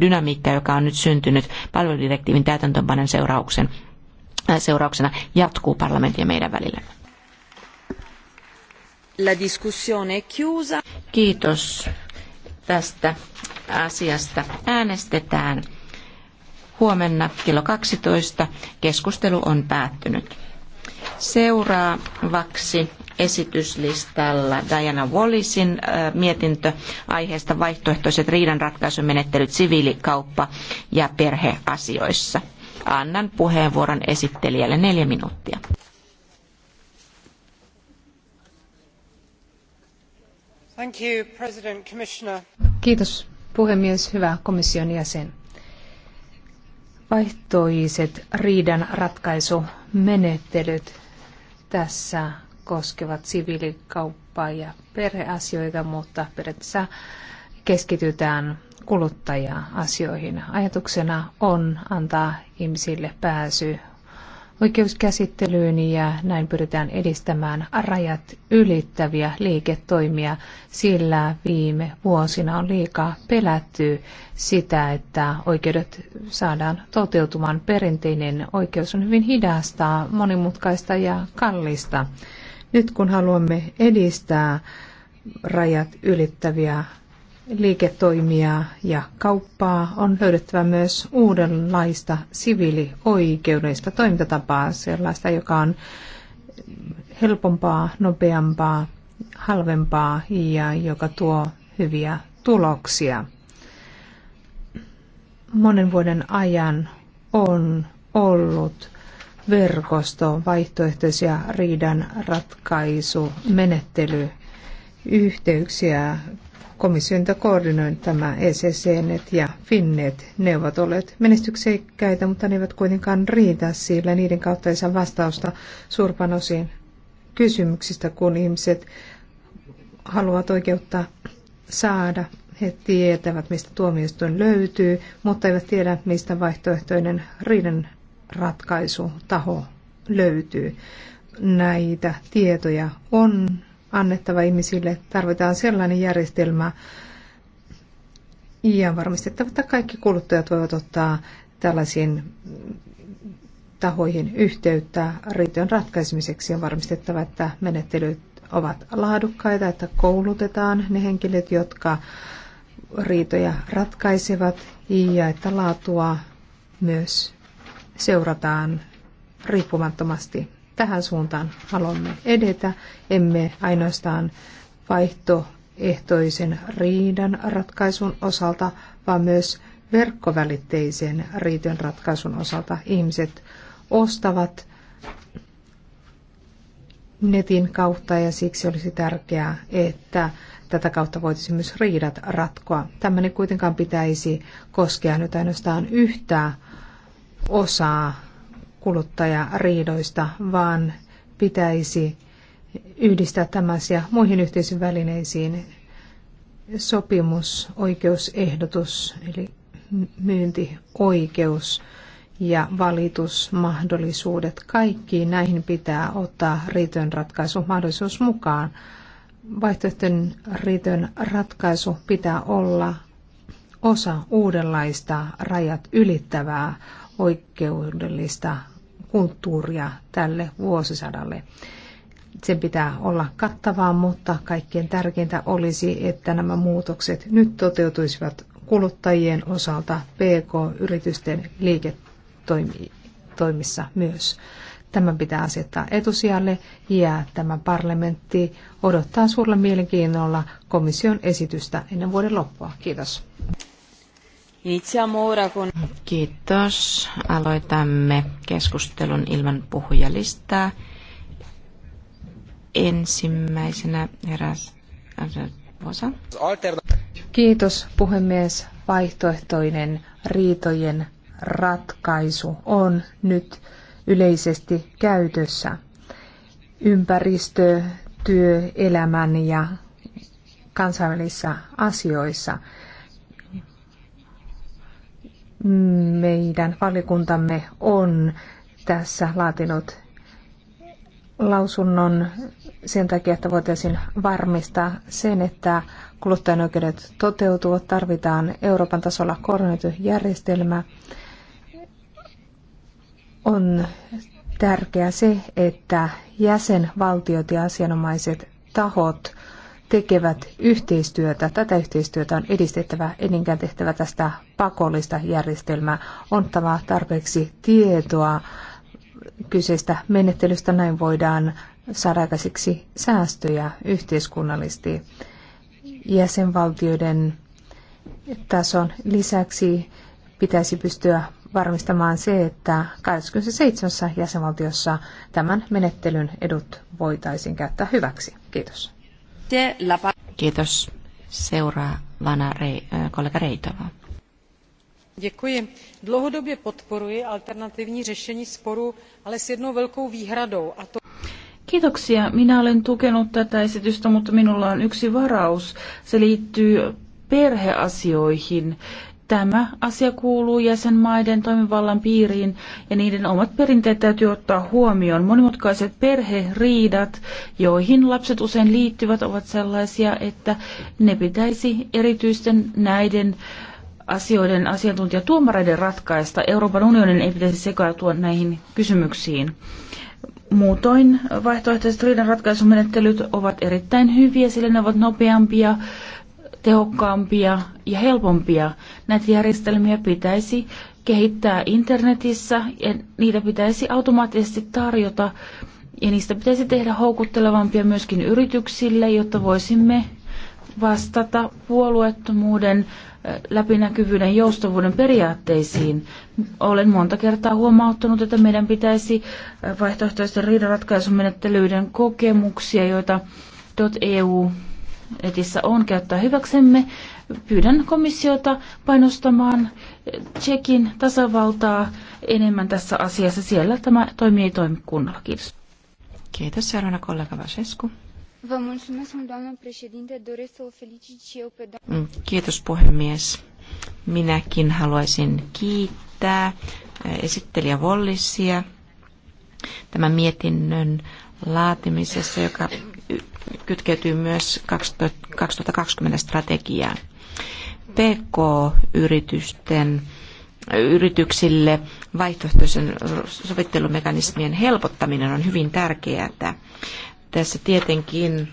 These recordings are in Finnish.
dynamiikka, joka on nyt syntynyt palveludirektiivin täytäntöönpanon seurauksen, äh, seurauksena, jatkuu parlamentin ja meidän välillämme. La discussione è chiusa. Kiitos tästä asiasta. Äänestetään huomenna kello 12. Keskustelu on päättynyt. Seuraavaksi esityslistalla Diana Wallisin mietintö aiheesta vaihtoehtoiset riidanratkaisumenettelyt siviilikauppa- ja perheasioissa. Annan puheenvuoron esittelijälle neljä minuuttia. Thank you, President, Commissioner. Kiitos puhemies, hyvä komission jäsen. Vaihtoiset riidan ratkaisumenettelyt tässä koskevat siviilikauppaa ja perheasioita, mutta periaatteessa keskitytään kuluttaja-asioihin. Ajatuksena on antaa ihmisille pääsy oikeuskäsittelyyn ja näin pyritään edistämään rajat ylittäviä liiketoimia, sillä viime vuosina on liikaa pelätty sitä, että oikeudet saadaan toteutumaan. Perinteinen oikeus on hyvin hidasta, monimutkaista ja kallista. Nyt kun haluamme edistää rajat ylittäviä liiketoimia ja kauppaa, on löydettävä myös uudenlaista siviilioikeudellista toimintatapaa, sellaista, joka on helpompaa, nopeampaa, halvempaa ja joka tuo hyviä tuloksia. Monen vuoden ajan on ollut verkosto, vaihtoehtoisia riidan ratkaisumenettelyyhteyksiä. Komission koordinoi tämä ECCnet ja Finnet. Ne ovat olleet menestyksekkäitä, mutta ne eivät kuitenkaan riitä, sillä niiden kautta ei saa vastausta suurpan osin kysymyksistä, kun ihmiset haluavat oikeutta saada. He tietävät, mistä tuomioistuin löytyy, mutta eivät tiedä, mistä vaihtoehtoinen riidan ratkaisutaho löytyy. Näitä tietoja on annettava ihmisille. Tarvitaan sellainen järjestelmä ja varmistettava, että kaikki kuluttajat voivat ottaa tällaisiin tahoihin yhteyttä riitojen ratkaisemiseksi. On varmistettava, että menettelyt ovat laadukkaita, että koulutetaan ne henkilöt, jotka riitoja ratkaisevat ja että laatua myös seurataan riippumattomasti. Tähän suuntaan haluamme edetä, emme ainoastaan vaihtoehtoisen riidan ratkaisun osalta, vaan myös verkkovälitteisen riitojen ratkaisun osalta. Ihmiset ostavat netin kautta ja siksi olisi tärkeää, että tätä kautta voitaisiin myös riidat ratkoa. Tämmöinen kuitenkaan pitäisi koskea nyt ainoastaan yhtään osaa kuluttajariidoista, vaan pitäisi yhdistää tämä asia muihin yhteisön välineisiin. Sopimus, oikeusehdotus, eli myyntioikeus ja valitusmahdollisuudet. Kaikkiin näihin pitää ottaa riitojen ratkaisumahdollisuus mukaan. Vaihtoehtojen riitojen ratkaisu pitää olla osa uudenlaista rajat ylittävää oikeudellista kulttuuria tälle vuosisadalle. Sen pitää olla kattavaa, mutta kaikkein tärkeintä olisi, että nämä muutokset nyt toteutuisivat kuluttajien osalta PK-yritysten liiketoimissa myös. Tämän pitää asettaa etusijalle ja tämä parlamentti odottaa suurella mielenkiinnolla komission esitystä ennen vuoden loppua. Kiitos. Kiitos. Aloitamme keskustelun ilman puhujalistaa. Ensimmäisenä eräs osa. Kiitos puhemies. Vaihtoehtoinen riitojen ratkaisu on nyt yleisesti käytössä. Ympäristö, työelämän ja kansainvälisissä asioissa – meidän valikuntamme on tässä laatinut lausunnon sen takia, että voitaisiin varmistaa sen, että kuluttajan oikeudet toteutuvat. Tarvitaan Euroopan tasolla koordinoitu järjestelmä. On tärkeää se, että jäsenvaltiot ja asianomaiset tahot tekevät yhteistyötä. Tätä yhteistyötä on edistettävä, eninkään tehtävä tästä pakollista järjestelmää. On tämä tarpeeksi tietoa kyseistä menettelystä, näin voidaan saada aikaiseksi säästöjä yhteiskunnallisesti. Jäsenvaltioiden tason lisäksi pitäisi pystyä varmistamaan se, että 27 jäsenvaltiossa tämän menettelyn edut voitaisiin käyttää hyväksi. Kiitos. Kiitos. Seuraavana rei, kollega Reitova. Děkuji. Dlouhodobě podporuji alternativní řešení sporu, ale s jednou velkou výhradou. A to... Kiitoksia. Minä olen tukenut tätä esitystä, mutta minulla on yksi varaus. Se liittyy perheasioihin. Tämä asia kuuluu jäsenmaiden toimivallan piiriin ja niiden omat perinteet täytyy ottaa huomioon. Monimutkaiset perheriidat, joihin lapset usein liittyvät, ovat sellaisia, että ne pitäisi erityisten näiden asioiden asiantuntijatuomareiden ratkaista. Euroopan unionin ei pitäisi sekaantua näihin kysymyksiin. Muutoin vaihtoehtoiset riidanratkaisumenettelyt ovat erittäin hyviä, sillä ne ovat nopeampia, tehokkaampia ja helpompia. Näitä järjestelmiä pitäisi kehittää internetissä ja niitä pitäisi automaattisesti tarjota ja niistä pitäisi tehdä houkuttelevampia myöskin yrityksille, jotta voisimme vastata puolueettomuuden, läpinäkyvyyden, joustavuuden periaatteisiin. Olen monta kertaa huomauttanut, että meidän pitäisi vaihtoehtoisten riidanratkaisumenettelyiden kokemuksia, joita .eu netissä on käyttää hyväksemme. Pyydän komissiota painostamaan Tsekin tasavaltaa enemmän tässä asiassa. Siellä tämä toimii ei toimi kunnolla. Kiitos. Kiitos, seuraavana kollega Vasescu. Mm, kiitos puhemies. Minäkin haluaisin kiittää eh, esittelijä Vollisia tämän mietinnön laatimisessa, joka kytkeytyy myös 2020 strategiaan. PK-yritysten yrityksille vaihtoehtoisen sovittelumekanismien helpottaminen on hyvin tärkeää. Tässä tietenkin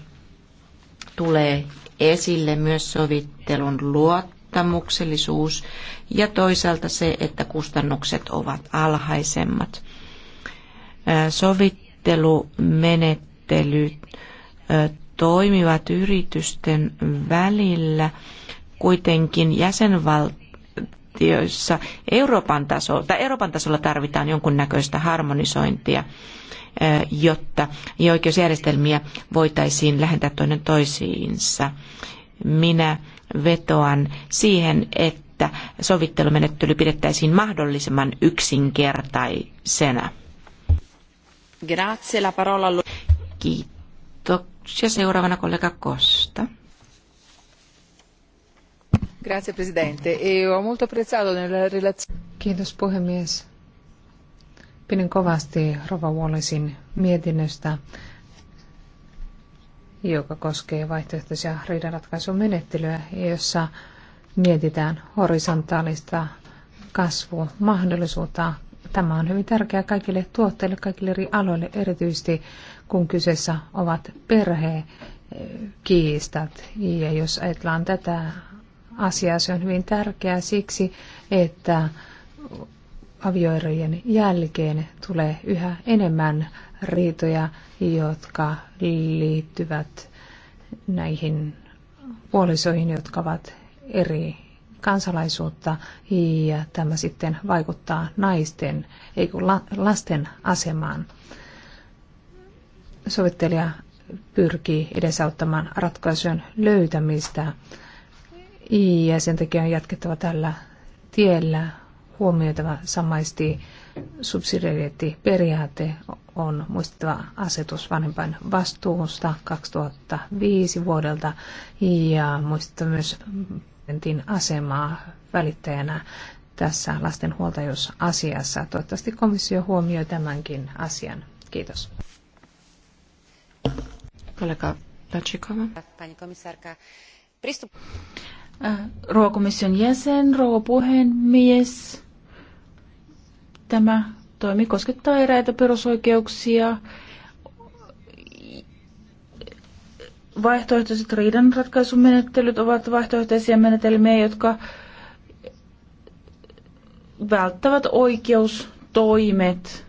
tulee esille myös sovittelun luottamuksellisuus ja toisaalta se, että kustannukset ovat alhaisemmat. Sovittelumenettelyt toimivat yritysten välillä kuitenkin jäsenvaltioissa Euroopan tasolla, tai Euroopan tasolla tarvitaan jonkunnäköistä harmonisointia, jotta oikeusjärjestelmiä voitaisiin lähentää toinen toisiinsa. Minä vetoan siihen, että sovittelumenettely pidettäisiin mahdollisimman yksinkertaisena. Grazie, la parola... Kiitos. Ja seuraavana kollega Kosta. Grazie presidente. E ho molto apprezzato nella relazione. Kiitos puhemies. Pidin kovasti Rova Wallisin mietinnöstä, joka koskee vaihtoehtoisia riidanratkaisumenettelyä, jossa mietitään horisontaalista kasvumahdollisuutta. Tämä on hyvin tärkeää kaikille tuotteille, kaikille eri aloille, erityisesti kun kyseessä ovat perhekiistat. Ja jos ajatellaan tätä asiaa, se on hyvin tärkeää siksi, että avioerojen jälkeen tulee yhä enemmän riitoja, jotka liittyvät näihin puolisoihin, jotka ovat eri kansalaisuutta ja tämä sitten vaikuttaa naisten, ei kun lasten asemaan sovittelija pyrkii edesauttamaan ratkaisujen löytämistä ja sen takia on jatkettava tällä tiellä huomioitava samaisti periaate on muistettava asetus vanhempain vastuusta 2005 vuodelta ja muistettava myös asemaa välittäjänä tässä lastenhuoltajuusasiassa. Toivottavasti komissio huomioi tämänkin asian. Kiitos. Äh, rouva komission jäsen, rouva puhemies. Tämä toimi koskettaa eräitä perusoikeuksia. Vaihtoehtoiset riidanratkaisumenettelyt ovat vaihtoehtoisia menetelmiä, jotka välttävät oikeustoimet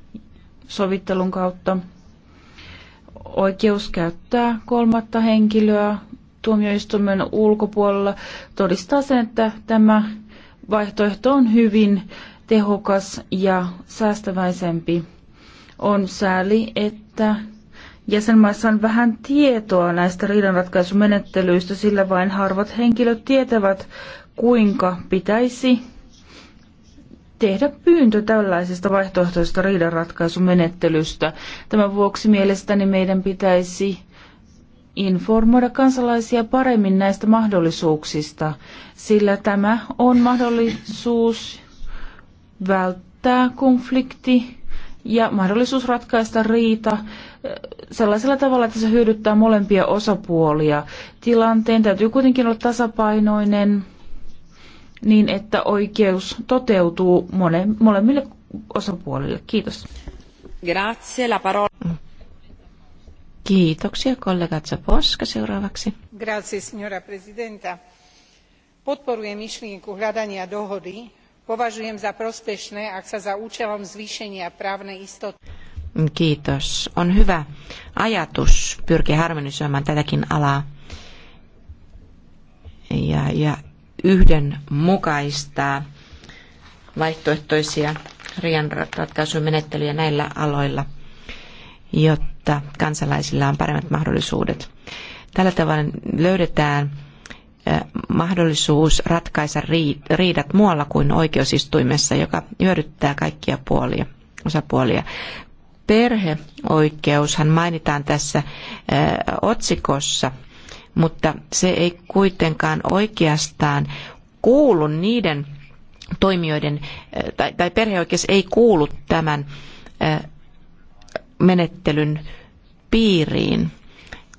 sovittelun kautta oikeus käyttää kolmatta henkilöä tuomioistuimen ulkopuolella todistaa sen, että tämä vaihtoehto on hyvin tehokas ja säästäväisempi. On sääli, että jäsenmaissa on vähän tietoa näistä riidanratkaisumenettelyistä, sillä vain harvat henkilöt tietävät, kuinka pitäisi tehdä pyyntö tällaisesta vaihtoehtoisesta riidanratkaisumenettelystä. Tämän vuoksi mielestäni meidän pitäisi informoida kansalaisia paremmin näistä mahdollisuuksista, sillä tämä on mahdollisuus välttää konflikti ja mahdollisuus ratkaista riita eh, sellaisella tavalla, että se hyödyttää molempia osapuolia. Tilanteen täytyy kuitenkin olla tasapainoinen niin, että oikeus toteutuu mole, molemmille osapuolille. Kiitos. Grazie, la parola. Kiitoksia kollega Zaposka seuraavaksi. Grazie, signora presidenta. Podporujem myšlienku hľadania dohody. Považujem za prospešné, ak sa za účelom zvýšenia právnej istoty. Kiitos. On hyvä ajatus pyrkiä harmonisoimaan tätäkin alaa. Ja, ja yhdenmukaistaa vaihtoehtoisia rian ratkaisumenettelyjä näillä aloilla, jotta kansalaisilla on paremmat mahdollisuudet. Tällä tavalla löydetään mahdollisuus ratkaista riidat muualla kuin oikeusistuimessa, joka hyödyttää kaikkia puolia, osapuolia. Perheoikeushan mainitaan tässä otsikossa – mutta se ei kuitenkaan oikeastaan kuulu niiden toimijoiden, eh, tai, tai perheoikeus ei kuulu tämän eh, menettelyn piiriin,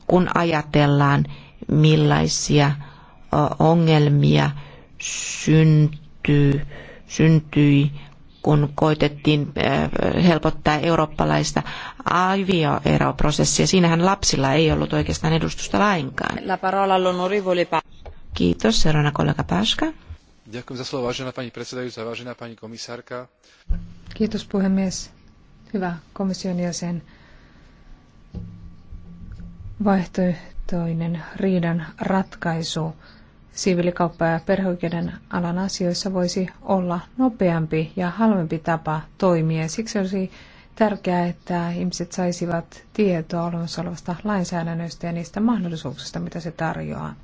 kun ajatellaan millaisia eh, ongelmia syntyy, syntyi kun koitettiin äh, helpottaa eurooppalaista avioeroprosessia. Siinähän lapsilla ei ollut oikeastaan edustusta lainkaan. La parola all'onorevole pa- Kiitos, seuraavana kollega Paska. Kiitos puhemies. Hyvä komission jäsen. Vaihtoehtoinen riidan ratkaisu siviilikauppa- ja perheoikeuden alan asioissa voisi olla nopeampi ja halvempi tapa toimia. Siksi olisi tärkeää, että ihmiset saisivat tietoa olemassa olevasta lainsäädännöstä ja niistä mahdollisuuksista, mitä se tarjoaa.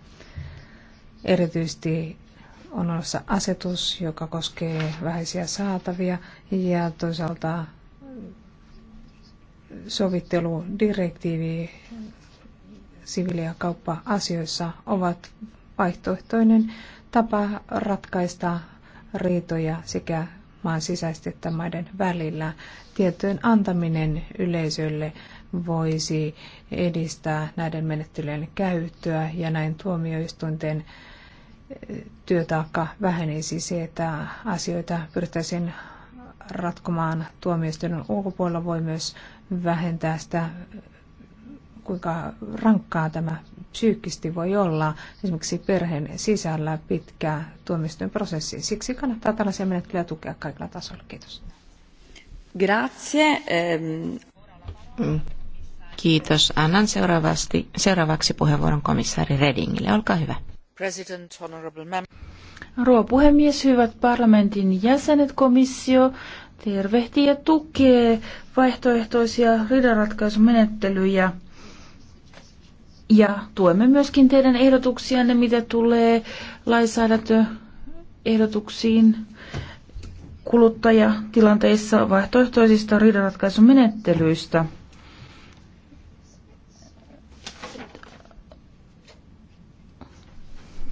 Erityisesti on olemassa asetus, joka koskee vähäisiä saatavia ja toisaalta sovitteludirektiivi siviili- ja kauppa-asioissa ovat vaihtoehtoinen tapa ratkaista riitoja sekä maan sisäisesti että maiden välillä. Tietojen antaminen yleisölle voisi edistää näiden menettelyjen käyttöä ja näin tuomioistuinten eh, työtaakka vähenisi se, että asioita pyrittäisiin ratkomaan tuomioistuimen ulkopuolella voi myös vähentää sitä kuinka rankkaa tämä psyykkisesti voi olla esimerkiksi perheen sisällä pitkä tuomioistuin prosessi. Siksi kannattaa tällaisia menettelyjä tukea kaikilla tasoilla. Kiitos. Grazie. Ehm. Kiitos. Annan seuraavasti, seuraavaksi puheenvuoron komissaari Redingille. Olkaa hyvä. President, Rouva puhemies, hyvät parlamentin jäsenet, komissio tervehtii ja tukee vaihtoehtoisia riidanratkaisumenettelyjä ja tuemme myöskin teidän ehdotuksianne, mitä tulee lainsäädäntöehdotuksiin kuluttajatilanteissa vaihtoehtoisista riidanratkaisumenettelyistä.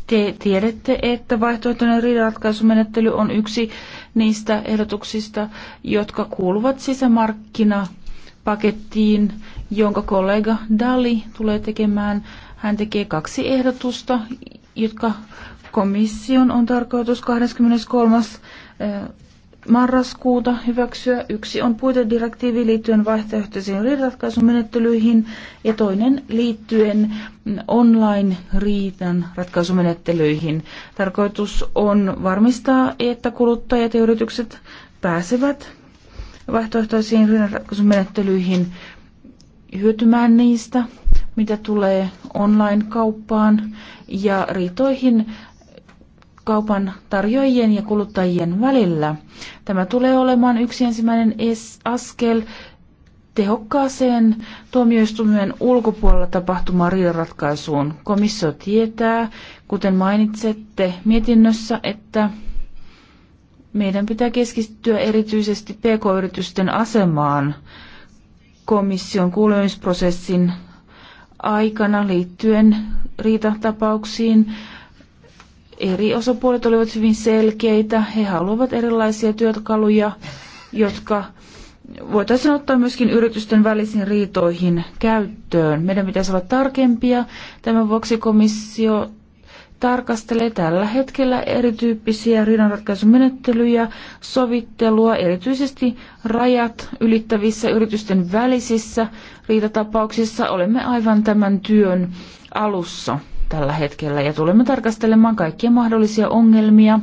Te tiedätte, että vaihtoehtoinen riidanratkaisumenettely on yksi niistä ehdotuksista, jotka kuuluvat sisämarkkinapakettiin, pakettiin jonka kollega Dali tulee tekemään. Hän tekee kaksi ehdotusta, jotka komission on tarkoitus 23. Eh, marraskuuta hyväksyä. Yksi on puitedirektiivi liittyen vaihtoehtoisiin riidanratkaisumenettelyihin ja toinen liittyen online riitan ratkaisumenettelyihin. Tarkoitus on varmistaa, että kuluttajat ja yritykset pääsevät vaihtoehtoisiin riidanratkaisumenettelyihin hyötymään niistä, mitä tulee online-kauppaan ja riitoihin kaupan tarjoajien ja kuluttajien välillä. Tämä tulee olemaan yksi ensimmäinen askel tehokkaaseen tuomioistuimen ulkopuolella tapahtumaan riidanratkaisuun. Komissio tietää, kuten mainitsette mietinnössä, että meidän pitää keskittyä erityisesti pk-yritysten asemaan – komission kuulemisprosessin aikana liittyen riitatapauksiin. Eri osapuolet olivat hyvin selkeitä. He haluavat erilaisia työkaluja, jotka voitaisiin ottaa myöskin yritysten välisiin riitoihin käyttöön. Meidän pitäisi olla tarkempia. Tämän vuoksi komissio tarkastelee tällä hetkellä erityyppisiä riidanratkaisumenettelyjä, sovittelua, erityisesti rajat ylittävissä yritysten välisissä riitatapauksissa. Olemme aivan tämän työn alussa tällä hetkellä ja tulemme tarkastelemaan kaikkia mahdollisia ongelmia,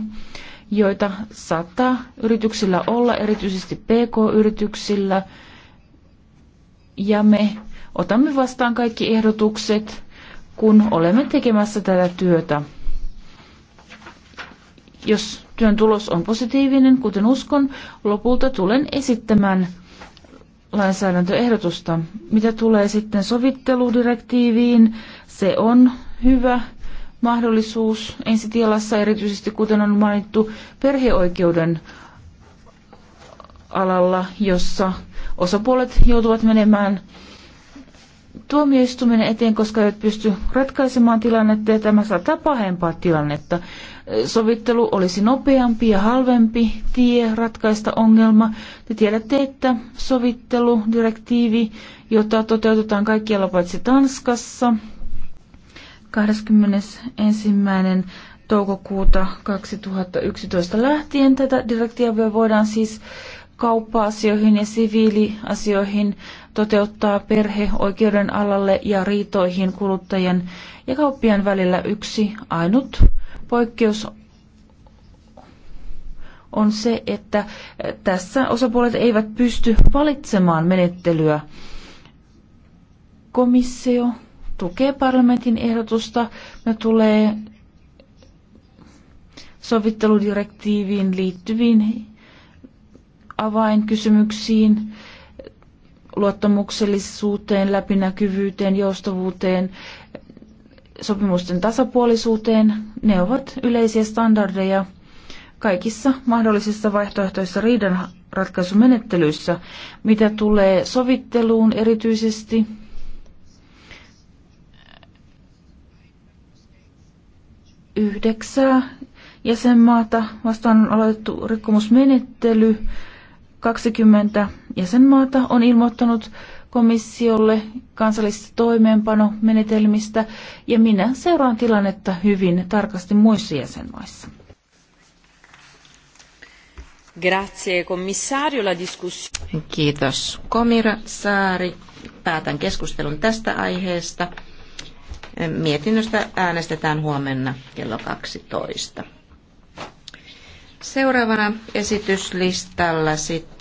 joita saattaa yrityksillä olla, erityisesti PK-yrityksillä. Ja me otamme vastaan kaikki ehdotukset kun olemme tekemässä tätä työtä. Jos työn tulos on positiivinen, kuten uskon, lopulta tulen esittämään lainsäädäntöehdotusta. Mitä tulee sitten sovitteludirektiiviin, se on hyvä mahdollisuus ensitilassa, erityisesti kuten on mainittu perheoikeuden alalla, jossa osapuolet joutuvat menemään tuomioistuminen eteen, koska eivät pysty ratkaisemaan tilannetta ja tämä saattaa pahempaa tilannetta. Sovittelu olisi nopeampi ja halvempi tie ratkaista ongelma. Te tiedätte, että sovitteludirektiivi, jota toteutetaan kaikkialla paitsi Tanskassa, 21. toukokuuta 2011 lähtien tätä direktiiviä voidaan siis kauppa-asioihin ja siviiliasioihin toteuttaa perheoikeuden alalle ja riitoihin kuluttajien ja kauppien välillä yksi ainut poikkeus on se, että tässä osapuolet eivät pysty valitsemaan menettelyä. Komissio tukee parlamentin ehdotusta. me tulee sovitteludirektiiviin liittyviin avainkysymyksiin luottamuksellisuuteen, läpinäkyvyyteen, joustavuuteen, sopimusten tasapuolisuuteen. Ne ovat yleisiä standardeja kaikissa mahdollisissa vaihtoehtoissa riidanratkaisumenettelyissä, mitä tulee sovitteluun erityisesti. Yhdeksää jäsenmaata vastaan on aloitettu rikkomusmenettely 20 jäsenmaata on ilmoittanut komissiolle kansallisista toimeenpanomenetelmistä ja minä seuraan tilannetta hyvin tarkasti muissa jäsenmaissa. Grazie, commissario. La discuss- Kiitos, komissaari. Päätän keskustelun tästä aiheesta. Mietinnöstä äänestetään huomenna kello 12. Seuraavana esityslistalla sitten